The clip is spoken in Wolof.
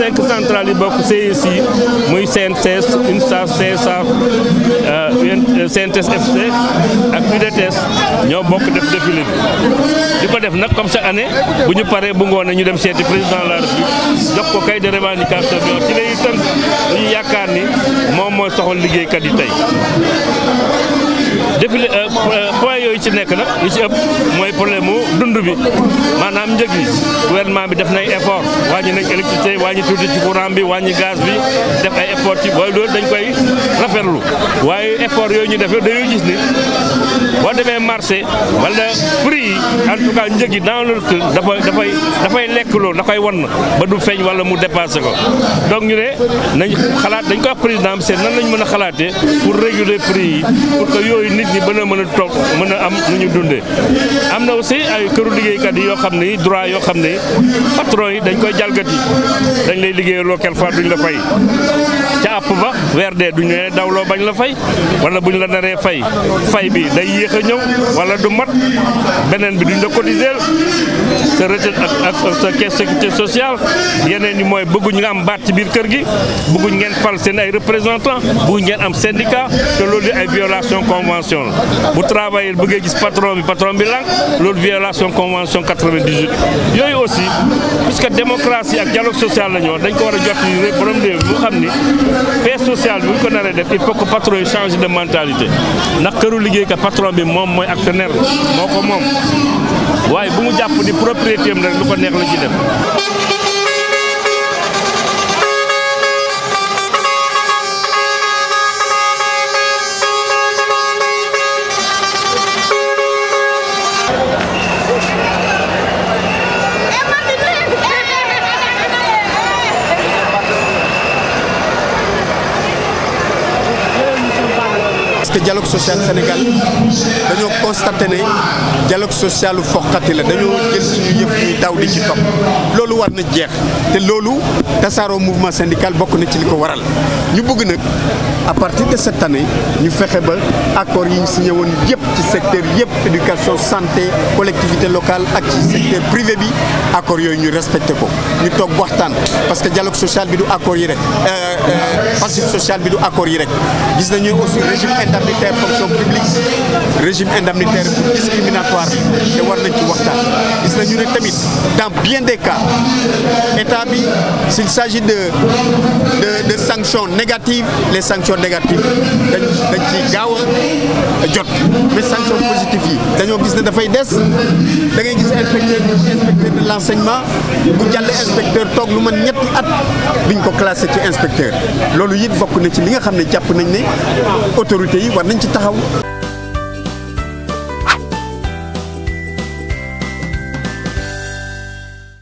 cinq centrales yi bokk CSI muy CNCS UNSAS euh, euh, CSAF CNTS FC ak UDTS ñoo bokk def défilé bi di ko def nag comme chaque année bu ñu paree bu ngoonee ñu dem seeti président de la République jox ko kay de revendication bi ci lay tënk lu yaakaar ni moom mooy soxal liggéeykat yi tey euh, yooyu ci nekk nag yu ci ëpp mooy problème mu dund bi maanaam njëg yi gouvernement bi def nay effort wàññi nañ électricité wàññi tuuti ci courant bi wàññi gaz bi def ay effort ci booy loolu dañ koy rafetlu waaye effort yooyu ñu def dañuy gis ni boo demee marché wala prix yi en tout cas njëg yi dans le dafa dafay dafay lekkloo da koy wan ba du feeñ wala mu dépassé ko donc ñu ne nañ xalaat dañ ko wax président bi seet nan lañ mën a xalaatee pour réguler prix yi pour que yooyu nit ñi mën a mën a toog mën a am am nu ñu dundee am na aussi ay këru liggéeykat yi yoo xam ni droit yoo xam ni patron yi dañ koy jalgati dañ lay liggéeyaloo quelque fois duñ la fay ca àpp ba weer dee du ñu ne dawloo bañ la fay wala ñu la naree fay fay bi day yéex a ñëw wala du mat beneen bi duñ la cotiser sa retraite ak ak sa caisse sécurité sociale yeneen yi mooy bëgguñu nga am baat ci biir kër gi bëgguñ ngeen fal seen ay représentant bëgguñ ngeen am syndicat te loolu di ay violation convention la bu travailleur bëggee gis patron bi patron bi lànk loolu violation convention 98 yooyu aussi puisque démocratie ak dialogue social la ñu dañ ko war a jot ci borom réew xam ni paix sociale bu ñu ko naree def il faut que patron yi change de mentalité ndax këru liggéeykat patron bi moom mooy actionnaire moo ko moom waaye bu mu jàpp di propriété am rek lu ko neex la ci def. parce que dialogue social Sénégal dañoo constaté ne dialogue social foqati la dañoo jël suñu daw di ci topp loolu war na jeex te loolu tasaaroo mouvement syndical bokk na ci li ko waral ñu bëgg nag à partir de cette année ñu fexe ba accord yi ñu signé woon yëpp ci secteur yëpp éducation santé collectivité locale ak ci secteur privé bi accord yooyu ñu respecté ko ñu toog waxtaan parce que dialogue social bi du accord yi rek euh, euh, passif social bi du accord yi rek gis nañu aussi régime indemnitaire fonction publique régime indemnitaire nañu ne tamit dans bien des cas état bi si s'agit de de de sanctions négatives les sanctions négatives dañ ci gaaw jot mais sanctions positives yi dañoo gis ne dafay des da ngay gis inspecteur inspecteur de l'enseignement bu jàll inspecteur toog lu mën ñetti at biñ ko classé ci inspecteur loolu it bokk na ci li nga xam ne jàpp nañ ne autorités yi war nañ ci taxaw